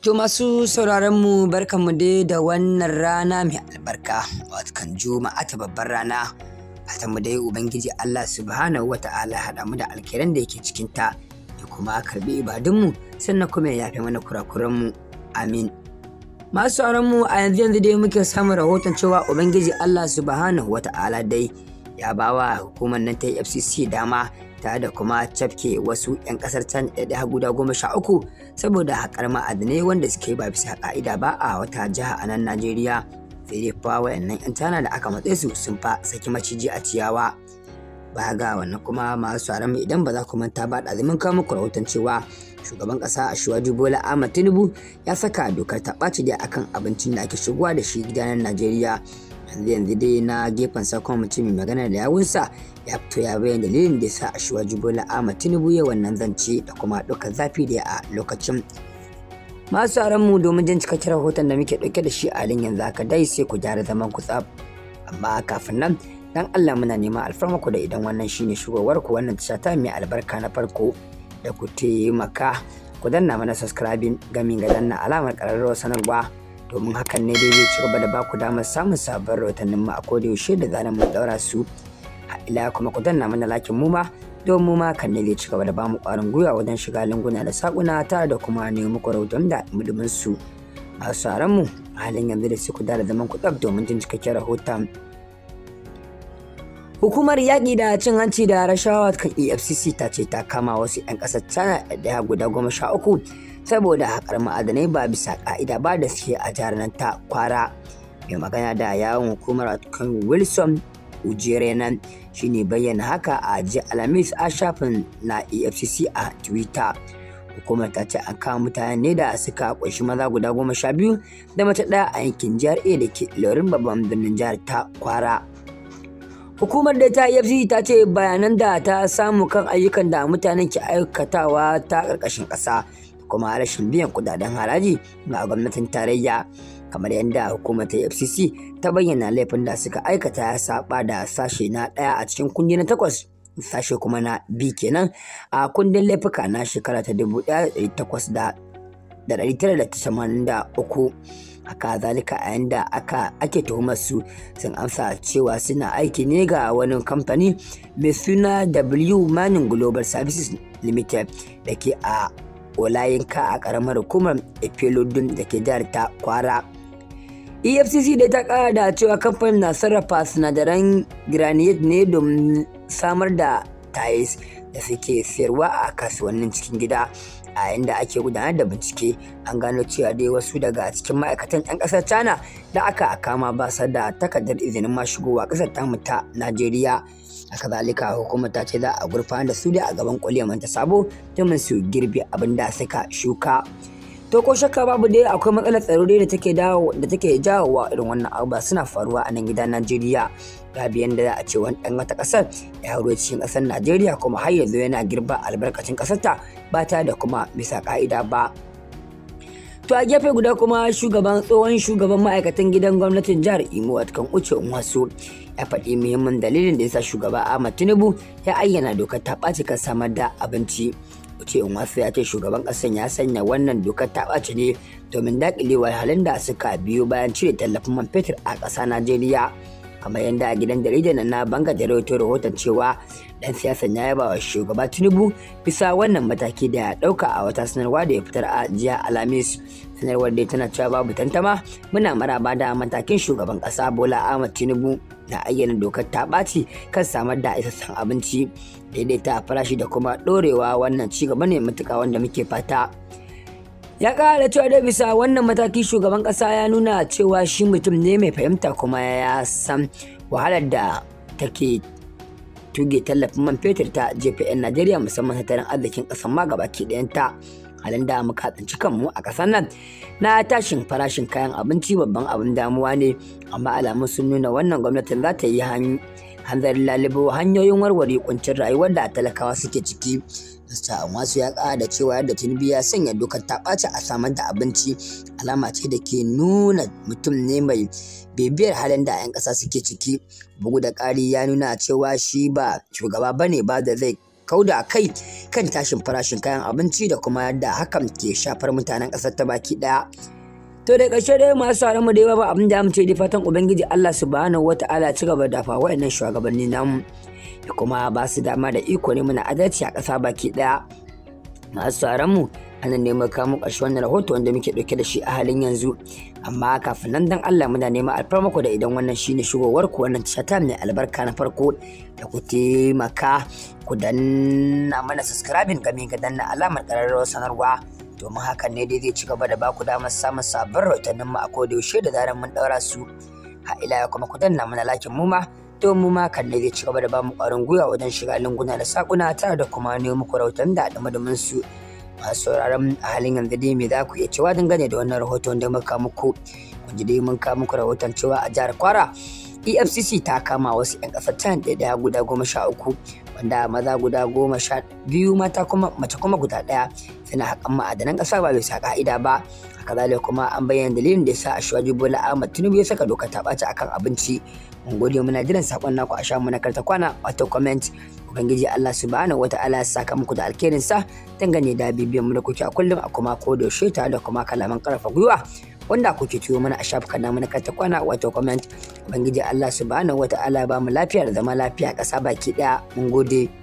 To masu sauraronmu barkanmu dai da wannan rana mai albarka kan juma'a ta babbar rana fatanmu dai ubangiji Allah subhanahu wa ta'ala haɗa mu da alkiran da yake cikin ta ya kuma karbi ibadunmu sannan kuma ya yafe mana kurakuranmu amin masu sauraronmu a yanzu yanzu dai muke samun rahoton cewa ubangiji Allah subhanahu wa ta'ala dai ya bawa hukumar nan ta fcc dama tare da kuma cafke wasu 'yan kasar can da guda goma sha uku saboda haƙar ma'adanai wanda suke ba bisa ka'ida ba a wata jiha a nan najeriya sai dai fa wayannan 'yan tana da aka matse su sun fa saki maciji a ciyawa ba ga wannan kuma masu tsaron idan ba za ku manta ba da zaman kawo muku rahoton cewa shugaban ƙasa a shiwaji Bola Ahmad Tinubu ya saka dokar ta ɓaci da akan abincin da ake shigowa da shi gidanan Najeriya yanzu yanzu dai na gefen sakon mutum mai magana da yawunsa ya fito ya bayyana dalilin da ya sa ashuwa jibola ahmad tinubu ya wannan zance da kuma ɗaukar zafi da a lokacin masu mu domin jin cikakken rahoton da muke ɗauke da shi a halin yanzu haka dai sai ku gyara zaman ku tsaf amma kafin nan dan Allah muna neman ku da idan wannan shine shugowar ku wannan tasha ta mai albarka na farko da ku taimaka ku danna mana subscribing gamin ga danna alamar ƙararrawar sanarwa domin hakan ne dai zai ci gaba da ba ku damar samun sabbin rahotannin mu a yaushe da zanen mu daura su ila kuma ku danna mana lakin mu ma don mu ma kan ne zai ci gaba da bamu ƙwarin gwiwa wajen shiga lunguna da sakuna tare da kuma ne muku rahoton da mudumin su a sauran mu halin yanzu da sai ku da zaman ku tsaf domin jin cikakken rahoton Hukumar yaƙi da cin hanci da rashawa kan EFCC ta ce ta kama wasu 'yan ƙasar China da guda goma sha uku saboda haƙar ma'adanai ba bisa ƙa'ida ba da suke a jihar ta kwara mai magana da yawon hukumar kan wilson ujere nan shine bayyana haka a ji alhamis a shafin na efcc a twitter hukumar ta ce an kama mutanen ne da suka ƙunshi maza guda goma sha biyu da mace ɗaya a yankin jihar a da ke lorin babban birnin jihar ta kwara hukumar da ta efcc ta ce bayanan da ta samu kan ayyukan da mutanen ke aikatawa ta ƙarƙashin ƙasa kuma rashin biyan kudaden haraji ga gwamnatin tarayya kamar yadda hukumar ta fcc ta bayyana laifin da suka aikata ya saba da sashe na ɗaya a cikin kundi na takwas sashe kuma na bi kenan a kundin laifuka na shekara ta dubu ɗaya da takwas da ɗari tara da da uku haka zalika a yanda aka ake tuhumar su sun amsa cewa suna aiki ne ga wani kamfani mai suna w mining global services limited da ke a olayinka a karamar hukumar efilodun da ke jihar ta kwara efcc dai ta kara da cewa kamfanin na sarrafa sinadaran granite ne domin samar da tiles da suke sayarwa a kasuwannin cikin gida a inda ake gudanar da bincike an gano cewa dai wasu daga cikin ma'aikatan 'yan ƙasar china da aka kama ba su da takardar izinin ma shigowa ƙasar tamu ta najeriya a kazalika hukumar ta ce za a gurfanar da su da a gaban kwaliyar manta sabo domin su girbi abin da suka shuka to ko shakka babu dai akwai matsalar tsaro dai da take dawo da take jawowa irin wannan abu suna faruwa a nan gidan Najeriya ga biyan da za a ce wani dan wata kasar ya hauro cikin kasar Najeriya kuma har yanzu yana girba albarkacin kasar ta ba ta da kuma bisa ka'ida ba to a gefe guda kuma shugaban tsohon shugaban ma'aikatan gidan gwamnatin jihar Imo Atkan Uche Nwasu ya faɗi muhimmin dalilin da yasa shugaba Ahmad Tinubu ya ayyana dokar ta ɓace kan samar da abinci ce Umaru ya ce shugaban ƙasar ya sanya wannan dokar ta ɓaci ne domin daƙilewar halin da suka biyo bayan cire tallafin man fetur a ƙasa Najeriya. kamar yadda a gidan jaridar na banga da rawaito rahoton cewa dan siyasan ya yaba wa shugaba tinubu bisa wannan mataki da ya dauka a wata sanarwa da ya fitar a jiya alhamis sanarwar da tana cewa babu tantama muna maraba da matakin shugaban kasa bola ahmad tinubu na ayyana dokar ta ɓaci kan samar da isassan abinci daidaita farashi da kuma ɗorewa wannan ci gaba ne matuka wanda muke fata ya ƙara cewa da bisa wannan mataki shugaban kasa ya nuna cewa shi mutum ne mai fahimta kuma ya san wahalar da take tuge tallafin man fetur ta jpn najeriya musamman tattalin arzikin kasan ma gabaki ɗayanta halin da muka tsinci kanmu a ƙasar nan na tashin farashin kayan abinci babban abin damuwa ne amma alamun sun nuna wannan gwamnatin za ta yi hanyar hanzarin lalibo hanyoyin warware kuncin rayuwar da talakawa suke ciki Mista Anwasu ya ƙara da cewa yadda Tinubu ya sanya dokar ta ɓaci a samar da abinci alama ce da ke nuna mutum ne mai bibiyar halin da 'yan ƙasa suke ciki. Bugu da ƙari ya nuna cewa shi ba shugaba ba ne ba da zai kauda kai kan tashin farashin kayan abinci da kuma yadda hakan ke shafar mutanen ƙasar ta baki ɗaya. to da ƙarshe dai masu sauran mu da yawa ba abin da mu ce da fatan ubangiji Allah subhanahu wataala ci gaba da fa wa'annan shugabanni namu da kuma ba su dama da iko ne muna adalci a ƙasa baki daya masu sauran mu ana neman muka mu ƙarshe wannan rahoto wanda muke ɗauke da shi a halin yanzu amma kafin nan dan Allah muna neman alfarmako da idan wannan shine shigowar ku wannan chat mai albarka na farko da ku taimaka ku danna mana subscribing me ga danna alamar ƙararrawar sanarwa domin hakan ne dai zai ci gaba da baku damar samun sabbin rahotannin mu a kodayaushe da zarar mun daura su ha ila kuma ku danna mana lakin mu ma domin mu ma kan ne zai ci gaba da bamu ƙwarin gwiwa wajen shiga lunguna da sakuna tare da kuma ne muku rahotan da mun su masu sauraron a halin yanzu dai me za ku iya cewa dangane da wannan rahoton da muka muku kun ji dai mun kawo muku rahoton cewa a jihar kwara efcc ta kama wasu 'yan ƙasar can ɗaya guda goma sha uku wanda maza guda goma sha biyu mata kuma mace kuma guda ɗaya suna haƙan ma'adanan ƙasa ba bai bisa ka'ida ba haka kuma an bayyana dalilin da yasa Ashwaji Bola Ahmad Tinubu ya saka doka ta ɓaci akan abinci mun gode muna jiran sakon naku a mu na karta kwana wato comment ubangiji Allah subhanahu wataala ya saka muku da alkhairin sa dangane da bibiyan mu da kuke a kullum a kuma ko da yaushe tare da kuma kalaman karfa gwiwa wanda kuke tuyo mana a shafukan namu na kata kwana wato comment ubangiji Allah subhanahu wataala ba mu lafiya da zama lafiya ƙasa baki ɗaya mun gode